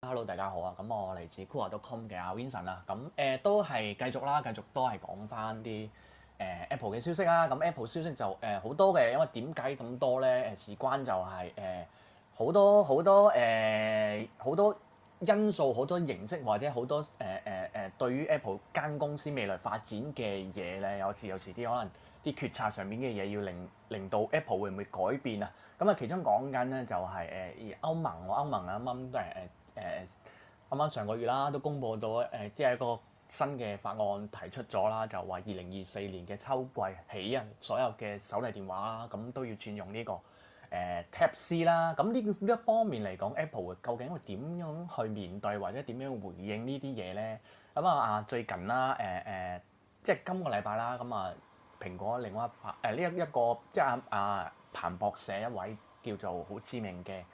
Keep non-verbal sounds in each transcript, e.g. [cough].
Hello，大家好啊！咁我嚟自 Qooah.com 嘅阿 Vincent 啦，咁誒都係繼續啦，繼續都係講翻啲誒 Apple 嘅消息啦。咁 Apple 消息就誒好多嘅，因為點解咁多咧？誒事關就係誒好多好多誒好多、多因素，好多形式或者好多誒誒誒對於 Apple 間公司未來發展嘅嘢咧，有時有遲啲可能有次有次。啲決策上面嘅嘢要令令到 Apple 會唔會改變啊？咁啊，其中講緊咧就係誒，而歐盟喎，歐盟啱啱誒誒啱啱上個月啦，都公佈到誒，即係一個新嘅法案提出咗啦，就話二零二四年嘅秋季起啊，所有嘅手提電話啦，咁都要轉用呢、這個誒、呃、tap c 啦。咁呢呢一方面嚟講，Apple 究竟會點樣去面對或者點樣回應呢啲嘢咧？咁啊啊，最近啦，誒、呃、誒，即係今個禮拜啦，咁、呃、啊～蘋果另外發誒呢一一個即係啊啊彭博社一位叫做好知名嘅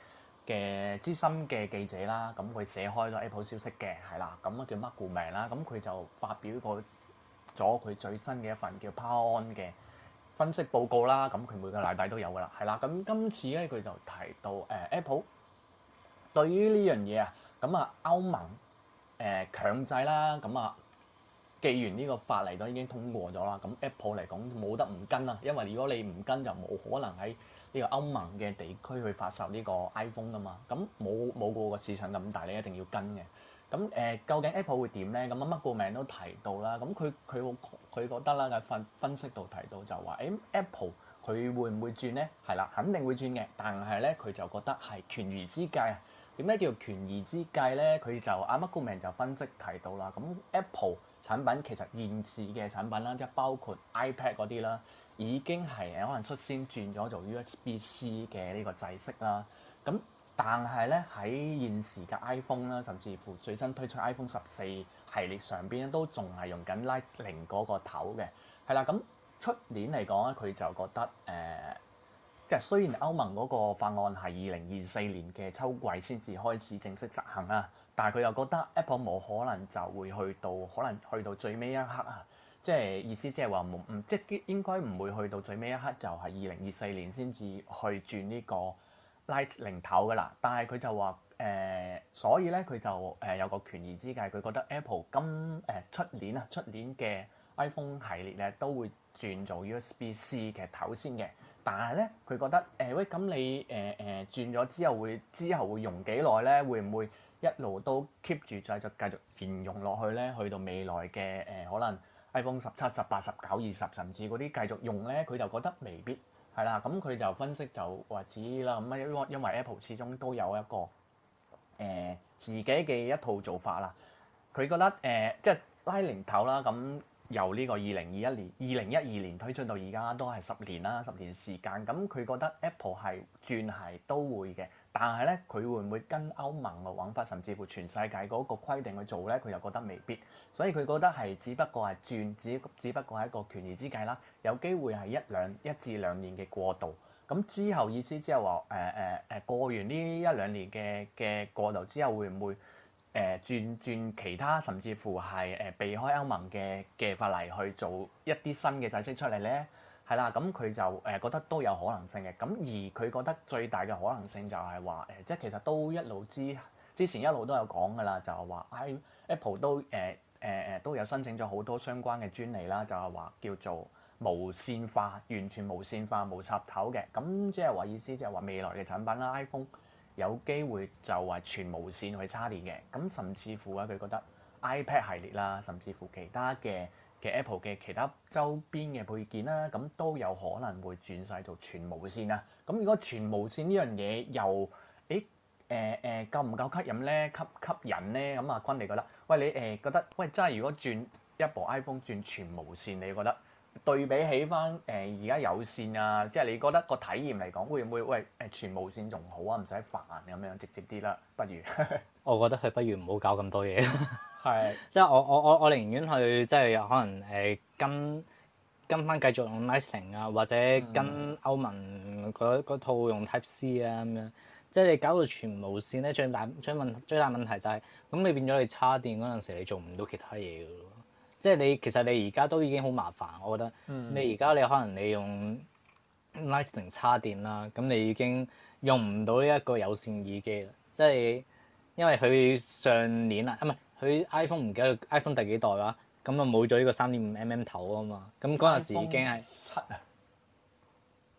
嘅資深嘅記者啦，咁佢寫開咗 Apple 消息嘅係啦，咁啊叫 Mark Gurman 啦，咁佢就發表個咗佢最新嘅一份叫 Power On 嘅分析報告啦，咁佢每個禮拜都有噶啦，係啦，咁今次咧佢就提到誒 Apple 對於呢樣嘢啊，咁啊歐盟誒強制啦，咁啊～既然呢個法例都已經通過咗啦，咁 Apple 嚟講冇得唔跟啦，因為如果你唔跟就冇可能喺呢個歐盟嘅地區去發售呢個 iPhone 噶嘛。咁冇冇個市場咁大，你一定要跟嘅。咁、嗯、誒、呃，究竟 Apple 會點呢？咁阿乜個名都提到啦。咁佢佢佢覺得啦，喺分分析度提到就話：誒、欸、Apple 佢會唔會轉呢？係啦，肯定會轉嘅。但係呢，佢就覺得係權宜之計啊。點解叫權宜之計呢？佢就阿乜個名就分析提到啦。咁 Apple。產品其實現時嘅產品啦，即係包括 iPad 嗰啲啦，已經係可能率先轉咗做 USB-C 嘅呢個制式啦。咁但係呢，喺現時嘅 iPhone 啦，甚至乎最新推出 iPhone 十四系列上邊都仲係用緊 Lightning 嗰個頭嘅。係啦，咁出年嚟講咧，佢就覺得誒，即、呃、係雖然歐盟嗰個法案係二零二四年嘅秋季先至開始正式執行啦。但係佢又覺得 Apple 冇可能就會去到可能去到最尾一刻啊，即係意思即係話唔即係應該唔會去到最尾一刻，就係二零二四年先至去轉呢個 Lightning 頭㗎喇。但係佢就話誒、呃，所以咧佢就誒有個權宜之計，佢覺得 Apple 今誒出、呃、年啊出年嘅 iPhone 系列咧都會轉做 USB-C 嘅頭先嘅。但係咧佢覺得誒、呃、喂咁你誒誒、呃、轉咗之後會之後會用幾耐咧？會唔會？一路都 keep 住繼續繼續沿用落去咧，去到未來嘅誒、呃、可能 iPhone 十七、十八、十九、二十，甚至嗰啲繼續用咧，佢就覺得未必係啦。咁佢、嗯、就分析就話知啦。咁因為 Apple 始終都有一個誒、呃、自己嘅一套做法啦。佢覺得誒、呃、即係拉零頭啦。咁由呢個二零二一年、二零一二年推進到而家都係十年啦，十年時間。咁佢覺得 Apple 係轉係都會嘅。但係咧，佢會唔會跟歐盟嘅玩法，甚至乎全世界嗰個規定去做呢？佢又覺得未必，所以佢覺得係只不過係轉，只只不過係一個權宜之計啦。有機會係一兩一至兩年嘅過渡，咁之後意思即係話誒誒誒過完呢一兩年嘅嘅過渡之後，會唔會誒、呃、轉轉其他，甚至乎係誒避開歐盟嘅嘅法例去做一啲新嘅製式出嚟呢？係啦，咁佢就誒覺得都有可能性嘅，咁而佢覺得最大嘅可能性就係話誒，即係其實都一路之之前一路都有講㗎啦，就係話 Apple 都誒誒誒都有申請咗好多相關嘅專利啦，就係話叫做無線化、完全無線化、無插頭嘅，咁即係話意思即係話未來嘅產品啦，iPhone 有機會就話全無線去叉電嘅，咁甚至乎啊佢覺得 iPad 系列啦，甚至乎其他嘅嘅 Apple 嘅其他周邊嘅配件啦，咁都有可能會轉晒做全無線啊！咁如果全無線呢樣嘢又誒誒誒夠唔夠吸引咧吸吸引咧？咁阿坤你覺得？喂你誒、呃、覺得？喂真係如果轉一部 iPhone 轉全無線，你覺得對比起翻誒而家有線啊，即係你覺得個體驗嚟講會唔會喂誒全無線仲好啊？唔使煩咁樣直接啲啦，不如？ [laughs] 我覺得佢不如唔好搞咁多嘢。 [laughs] 係，即係我我我我寧願去即係可能誒、呃、跟跟翻繼續用 Lightning 啊，或者跟歐盟嗰套用 Type C 啊咁樣。即係你搞到全無線咧，最大最問最大問題就係、是、咁你變咗你插電嗰陣時，你做唔到其他嘢嘅咯。即係你其實你而家都已經好麻煩，我覺得你而家你可能你用 Lightning 插電啦，咁你已經用唔到呢一個有線耳機啦。即係因為佢上年啊，唔係。佢 iPhone 唔記得 iPhone 第幾代啦，咁啊冇咗呢個三點五 mm 頭啊嘛，咁嗰陣時已經係七啊，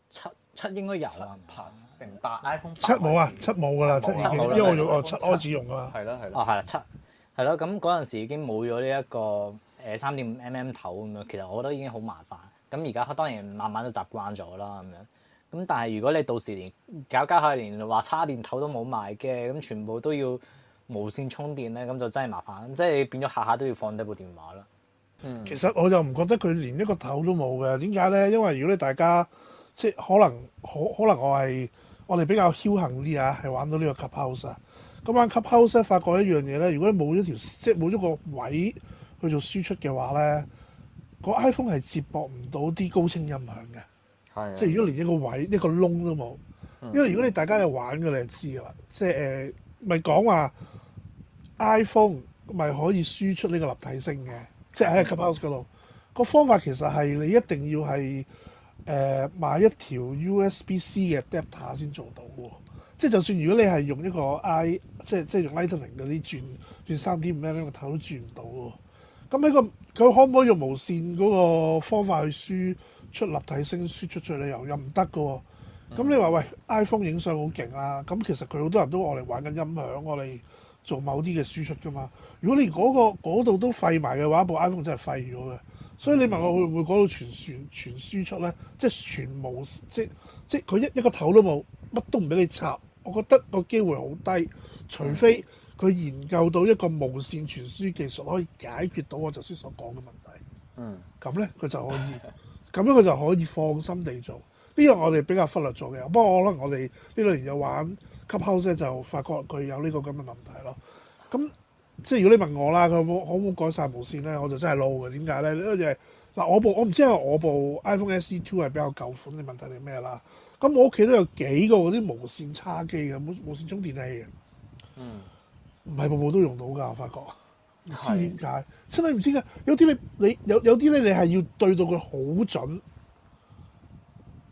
七七應該有啦，八定八 iPhone 七冇啊，七冇噶啦，七冇，因為我用哦七開始用啊，係咯係咯，哦係啦七，係咯咁嗰陣時已經冇咗呢一個誒三點五 mm 頭咁樣，其實我覺得已經好麻煩，咁而家當然慢慢都習慣咗啦咁樣，咁但係如果你到時連搞家下連話叉電頭都冇賣嘅，咁全部都要無線充電咧，咁就真係麻煩，即係變咗下下都要放低部電話啦。嗯，其實我就唔覺得佢連一個頭都冇嘅，點解咧？因為如果你大家即係可能可可能我係我哋比較僥倖啲啊，係玩到呢個 capture 咁玩 capture 咧，那個、發覺一樣嘢咧，如果冇咗條即係冇咗個位去做輸出嘅話咧，個 iPhone 係接駁唔到啲高清音響嘅。係的。即係如果連一個位一個窿都冇，嗯、因為如果你大家有玩嘅，你就知嘅啦。即係誒。呃咪講話 iPhone 咪可以輸出呢個立體聲嘅，即喺個 house 嗰度、個方法其實係你一定要係誒、呃、買一條 USB-C 嘅 adapter 先做到喎。即係就算如果你係用一個 i 即係即係用 Lightning 嗰啲轉，轉 3.5mm 個頭都轉唔到喎。咁喺個佢可唔可以用無線嗰個方法去輸出立體聲，輸出出去又又唔得嘅喎。咁你話喂 iPhone 影相好勁啊！咁其實佢好多人都攞嚟玩緊音響，攞嚟做某啲嘅輸出㗎嘛。如果你連、嗰、嗰個嗰度、嗰個、都廢埋嘅話，部 iPhone 真係廢咗嘅。所以你問我會唔會嗰度全全全輸出咧？即係全無，即即佢一一個頭都冇，乜都唔俾你插。我覺得個機會好低，除非佢研究到一個無線傳輸技術可以解決到我頭先所講嘅問題。嗯，咁咧佢就可以，咁樣佢就可以放心地做。呢個我哋比較忽略咗嘅，不過可能我哋呢兩年有玩吸 hold 咧，就發覺佢有呢個咁嘅問題咯。咁即係如果你問我啦，佢可唔可以改善無線咧？我就真係撈嘅。點解咧？因為嗱、就係，我部我唔知係我部 iPhone SE Two 係比較舊款嘅問題定咩啦？咁我屋企都有幾個嗰啲無線叉機嘅，無無線充電器嘅。嗯，唔係部部都用到噶，我發覺。唔是知點解，真係唔知㗎。有啲你你有有啲咧，你係要對到佢好準。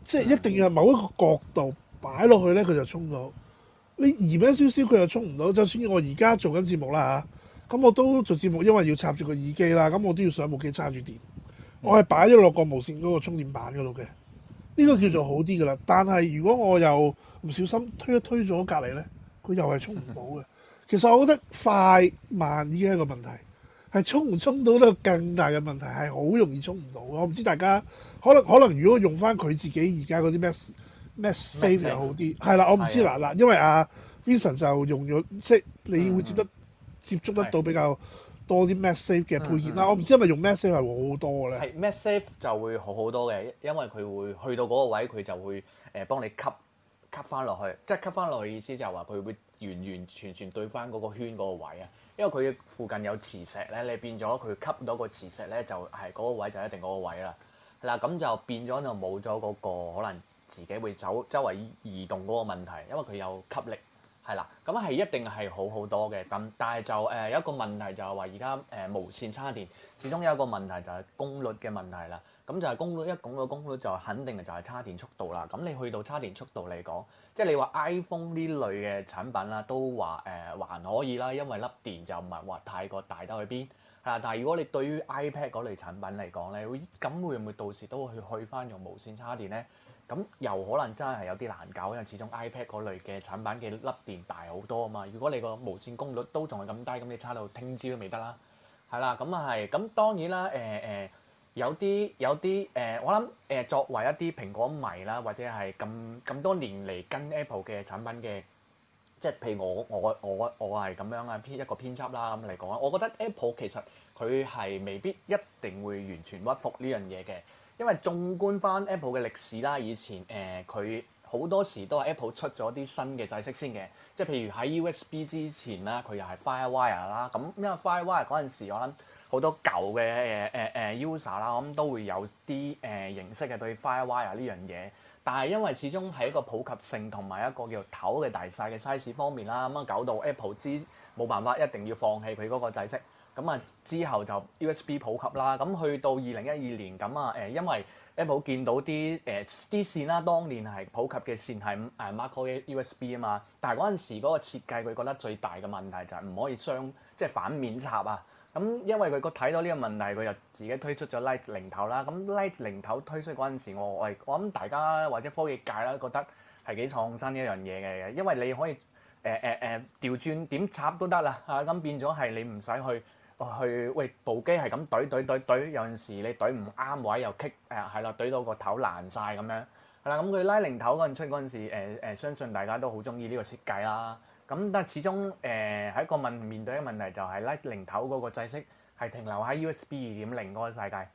即係一定要係某一個角度擺落去咧，佢就充到，你移緊少少，佢又充唔到。就算我而家做緊節目啦嚇，咁、啊、我都做節目，因為要插住個耳機啦，咁我都要上部機插住電，嗯、我係擺咗落個無線嗰個充電板嗰度嘅，呢、這個叫做好啲噶啦。但係如果我又唔小心推一推咗隔離咧，佢又係充唔到嘅。 [laughs] 其實我覺得快慢已經係一個問題。係充唔充到呢咧？更大嘅問題係好容易充唔到。我唔知大家，可能可能如果用翻佢自己而家嗰啲 Mag, MagSafe 又好啲係啦。我唔知嗱嗱，的因為阿、啊、Vincent 就用咗即係你會接得、嗯、接觸得到比較多啲 MagSafe 嘅配件啦。嗯嗯我唔知係咪用 MagSafe 係好好多嘅咧？係 MagSafe 就會好好多嘅，因為佢會去到嗰個位，佢就會誒幫你吸吸翻落去。即係吸翻落去意思就係話佢會完完全全對翻嗰個圈嗰個位啊。因為佢附近有磁石咧，你變咗佢吸到個磁石咧，就係嗰個位就一定嗰個位啦。嗱，咁就變咗就冇咗嗰個可能自己會走周圍移動嗰個問題，因為佢有吸力。係啦，咁啊係一定係好好多嘅，咁但係就、呃、有一個問題就係話而家誒無線叉電，始終有一個問題就係功率嘅問題啦。咁就係功率一講到功率就肯定就係叉電速度啦。咁你去到叉電速度嚟講，即係你話 iPhone 呢類嘅產品啦，都話誒、呃、還可以啦，因為粒電就唔係話太過大得去邊。但係如果你對於 iPad 嗰類產品嚟講咧，會咁會唔會到時都會去去返用無線叉電呢？咁又可能真係有啲難搞，因為始終 iPad 嗰類嘅產品嘅粒電大好多啊嘛。如果你個無線功率都仲係咁低，咁你叉到聽朝都未得啦。係啦，咁係咁當然啦。誒、呃、誒、呃，有啲有啲誒、呃，我諗誒作為一啲蘋果迷啦，或者係咁咁多年嚟跟 Apple 嘅產品嘅。即係譬如我我我我係咁樣啊，編一個編輯啦，咁嚟講，我覺得 Apple 其實佢係未必一定會完全屈服呢樣嘢嘅，因為縱觀翻 Apple 嘅歷史啦，以前誒佢好多時都係 Apple 出咗啲新嘅製式先嘅。即係譬如喺 USB 之前啦，佢又係 FireWire 啦，咁因為 FireWire 嗰陣時我諗好多舊嘅誒誒 user 啦，咁、呃呃、都會有啲誒認識嘅對 FireWire 呢樣嘢。但係因為始終係一個普及性同埋一個叫頭嘅大細嘅 size 方面啦，咁啊搞到 Apple 之冇辦法一定要放棄佢嗰個製式，咁啊之後就 USB 普及啦。咁去到二零一二年，咁啊誒，因為 Apple 見到啲誒啲線啦，當年係普及嘅線係誒 Micro 嘅 USB 啊嘛，但係嗰陣時嗰個設計佢覺得最大嘅問題就係唔可以雙即係反面插啊。咁因為佢個睇到呢個問題，佢就自己推出咗 Lightning 頭啦。咁 Lightning 頭推出嗰陣時，我我諗大家或者科技界啦，覺得係幾創新一樣嘢嘅，因為你可以誒誒誒調轉點插都得啦嚇。咁、啊、變咗係你唔使去、呃、去喂部機係咁懟懟懟懟，有陣時你懟唔啱位又棘誒係啦，懟到個頭爛晒咁樣係啦。咁佢 Lightning 頭嗰陣出嗰陣時，誒相信大家都好中意呢個設計啦。啊。咁但係始終誒係一個面對嘅問題，就係，就係咧零頭嗰個制式係停留喺 USB 2.0嗰個世界，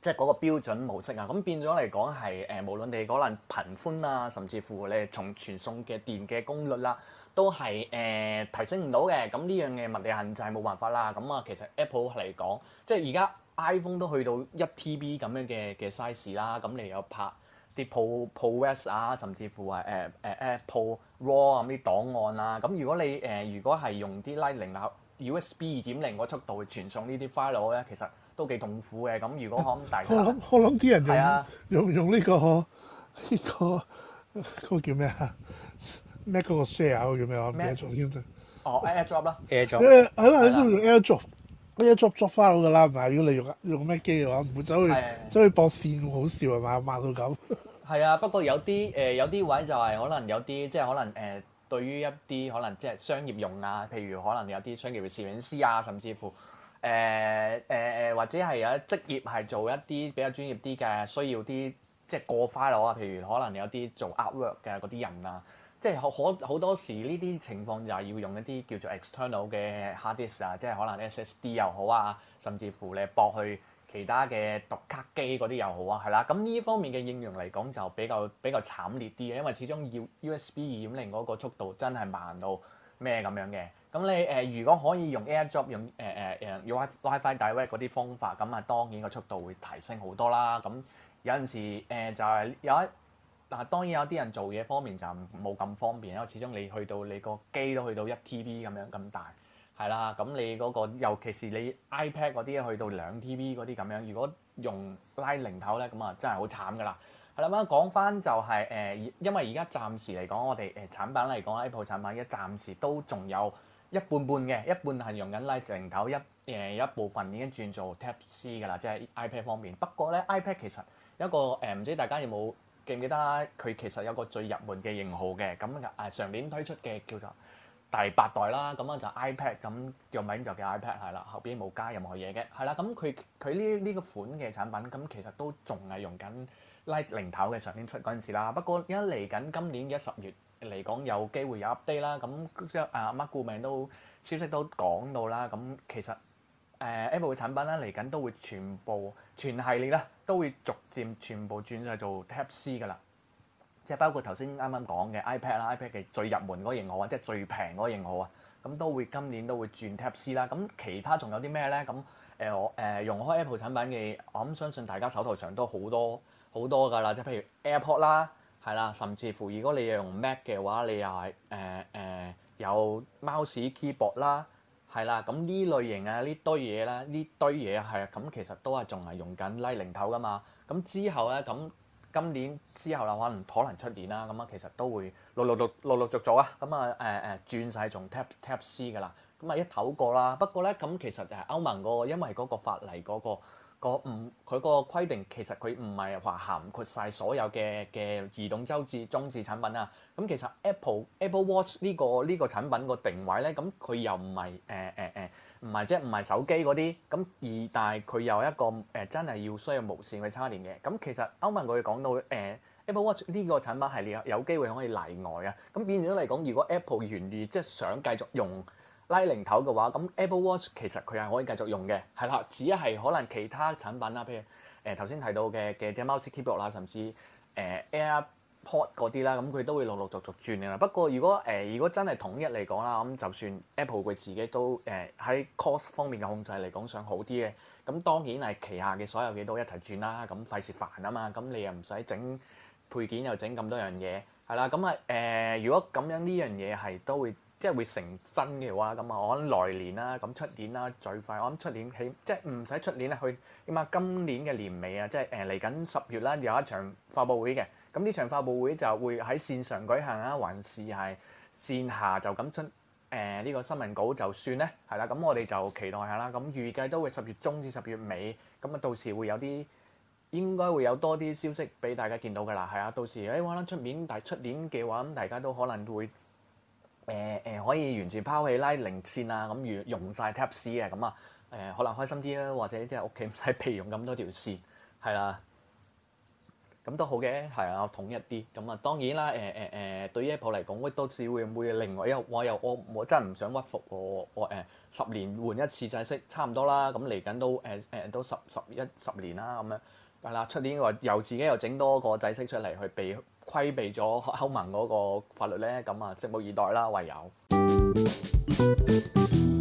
即係嗰個標準模式啊。咁、嗯、變咗嚟講係誒，無論你可能頻寬啊，甚至乎你從傳送嘅電嘅功率啦，都係誒、呃、提升唔到嘅。咁呢樣嘅物理限制冇辦法啦。咁、嗯、啊，其實 Apple 嚟講，即係而家 iPhone 都去到一 TB 咁樣嘅嘅 size 啦，咁你有拍。啲 pro pro s 啊，s, 甚至乎係誒誒誒 apple raw 咁啲檔案啦，咁如果你誒、呃、如果係用啲 lightning 啊 usb 二點零嗰速度去傳送呢啲 file 咧，其實都幾痛苦嘅。咁如果可唔可我諗我諗啲人用、啊、用用呢、這個呢、這個嗰個叫咩何 dachte, 啊？咩嗰個 share 叫咩啊？唔記得咗先得。哦 airdrop 啦 airdrop 係啦、啊，你都用 airdrop。啊啊我、嗯、一捉抓翻好㗎啦，唔係如果你用用咩機嘅話，唔會走去走的去搏線好笑啊嘛，慢到咁。係啊，不過有啲誒、呃、有啲位就係可能有啲即係可能誒、呃，對於一啲可能即係商業用啊，譬如可能有啲商業攝影師啊，甚至乎誒誒誒，或者係有一職業係做一啲比較專業啲嘅，需要啲即係過花攞啊，譬如可能有啲做 artwork 嘅嗰啲人啊。即係可好多時呢啲情況就係要用一啲叫做 external 嘅 hard disk 啊，即係可能 SSD 又好啊，甚至乎你駁去其他嘅讀卡機嗰啲又好啊，係啦。咁呢方面嘅應用嚟講就比較比較慘烈啲嘅，因為始終要 USB 二點零嗰個速度真係慢到咩咁樣嘅。咁你誒、呃、如果可以用 AirDrop 用誒誒、呃、誒、呃、WiFi direct 嗰啲方法，咁啊當然個速度會提升好多啦。咁有陣時誒、呃、就係、是、有一。但係當然有啲人做嘢方面就冇咁方便啦，因為，始終你去到你個機都去到一 TB 咁樣咁大，係啦。咁你嗰、嗰個尤其是你 iPad 嗰啲去到兩 TB 嗰啲咁樣，如果用拉零頭呢，咁啊真係好慘㗎啦。係啦、就係，咁講翻就係誒，因為而家暫時嚟講，我哋誒、呃、產品嚟講，Apple 產品一暫時都仲有一半半嘅一半係用緊拉零頭，一、呃、誒一部分已經轉做 Type C 㗎啦，即、就、係、是、iPad 方面。不過呢 iPad 其實有一個誒，唔、呃、知大家有冇？記唔記得佢其實有個最入門嘅型號嘅，咁誒、呃、上年推出嘅叫做第八代啦，咁啊就 iPad 咁嘅名就叫 iPad 係啦，後邊冇加任何嘢嘅，係啦，咁佢佢呢呢個款嘅產品咁其實都仲係用緊 Lightning 頭嘅，上年出嗰陣時啦。不過而家嚟緊今年嘅十月嚟講有機會有 update 啦，咁即係阿 Mark Gurman 都消息都講到啦。咁其實誒、呃、Apple 嘅產品啦嚟緊都會全部全系列啦。都會逐漸全部轉曬做 Type C 嘅啦，即係包括頭先啱啱講嘅 iPad 啦，iPad 嘅最入門嗰個型號啊，即係最平嗰個型號啊，咁都會今年都會轉 Type C 啦。咁其他仲有啲咩呢？咁誒我誒用開 Apple 產品嘅，我諗相信大家手頭上都好多好多㗎啦。即係譬如 AirPod 啦，係啦，甚至乎如果你要用 Mac 嘅話，你又係誒誒有 Mouse Keyboard 啦。呃呃係啦，咁呢類型啊，呢堆嘢啦，呢堆嘢係啊，咁其實都係仲係用緊拉零頭噶嘛。咁之後咧，咁今年之後啦，可能可能出年啦，咁啊其實都會陸陸陸陸陸續續啊。咁啊誒誒轉晒從 tap tap C 噶啦，咁啊一頭過啦。不過咧，咁其實就係歐盟嗰個，因為嗰個法例嗰個。個唔佢個規定，其實佢唔係話涵括晒所有嘅嘅移動周至裝置產品啊，咁其實 Apple Apple Watch 呢、呢個呢、呢個產品個定位咧，咁佢又唔係誒誒誒，唔係即係唔係手機嗰啲，咁而但係佢有一個誒、呃、真係要需要無線去插電嘅。咁其實歐文佢講到誒、呃、Apple Watch 呢個產品係有有機會可以例外啊，咁變咗嚟講，如果 Apple 願意即係、即係、想繼續用。拉零頭嘅話，咁 Apple Watch 其實佢係可以繼續用嘅，係啦。只係可能其他產品啦，譬如誒頭先提到嘅嘅隻 Mouse Keyboard 啦，甚至誒 AirPod 啲啦，咁佢都會陸陸續續轉嘅啦。不過如果誒如果真係統一嚟講啦，咁就算 Apple 佢自己都誒喺 cost 方面嘅控制嚟講想好啲嘅，咁當然係旗下嘅所有嘢都一齊轉啦。咁費事煩啊嘛，咁你又唔使整配件又整咁多樣嘢，係啦。咁啊誒，如果咁樣呢樣嘢係都會。即係會成真嘅話，咁啊，我諗來年啦，咁出年啦，最快我諗出年起，即係唔使出年啦，去起碼今年嘅年尾啊，即係誒嚟緊十月啦，有一場發佈會嘅。咁呢場發佈會就會喺線上舉行啦，還是係線下就咁出誒呢、呃這個新聞稿就算呢，係啦。咁我哋就期待下啦。咁預計都會十月中至十月尾，咁啊到時會有啲應該會有多啲消息俾大家見到㗎喇。係啊，到時誒我諗出面但出年嘅話，咁大家都可能會。誒誒、呃呃、可以完全拋棄 Lightning 線啊，咁，如用晒 Type-C 啊，咁啊誒，可能開心啲啦，或者即係屋企唔使備用咁多條線，係啦，咁都好嘅，係啊，統一啲咁啊，當然啦誒誒誒，對於 Apple 嚟講，都只會唔會另外一個又我又我我，真係唔想屈服我我、呃、十年換一次制式差唔多啦，咁嚟緊都誒誒、呃呃、都十十一十年啦，咁樣係啦，出年又自己又整多個制式出嚟去備。規避咗歐盟嗰個法律呢，咁啊，拭目以待啦，唯有。 [music]